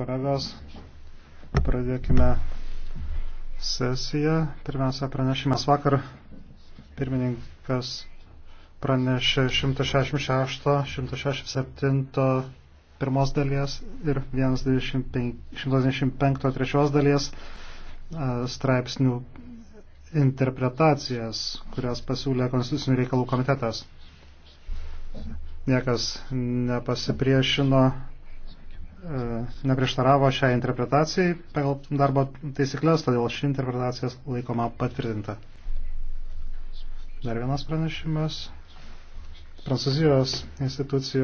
kolegos. Pradėkime sesiją. Pirmiausia, pranešimas vakar. Pirmininkas pranešė 166, 167 pirmos dalies ir 125 trečios dalies e, straipsnių interpretacijas, kurias pasiūlė Konstitucinių reikalų komitetas. Niekas nepasipriešino E, neprieštaravo šią interpretacijai pagal darbo taisyklės, todėl ši interpretacija laikoma patvirtinta. Dar vienas pranešimas. Prancūzijos institucijos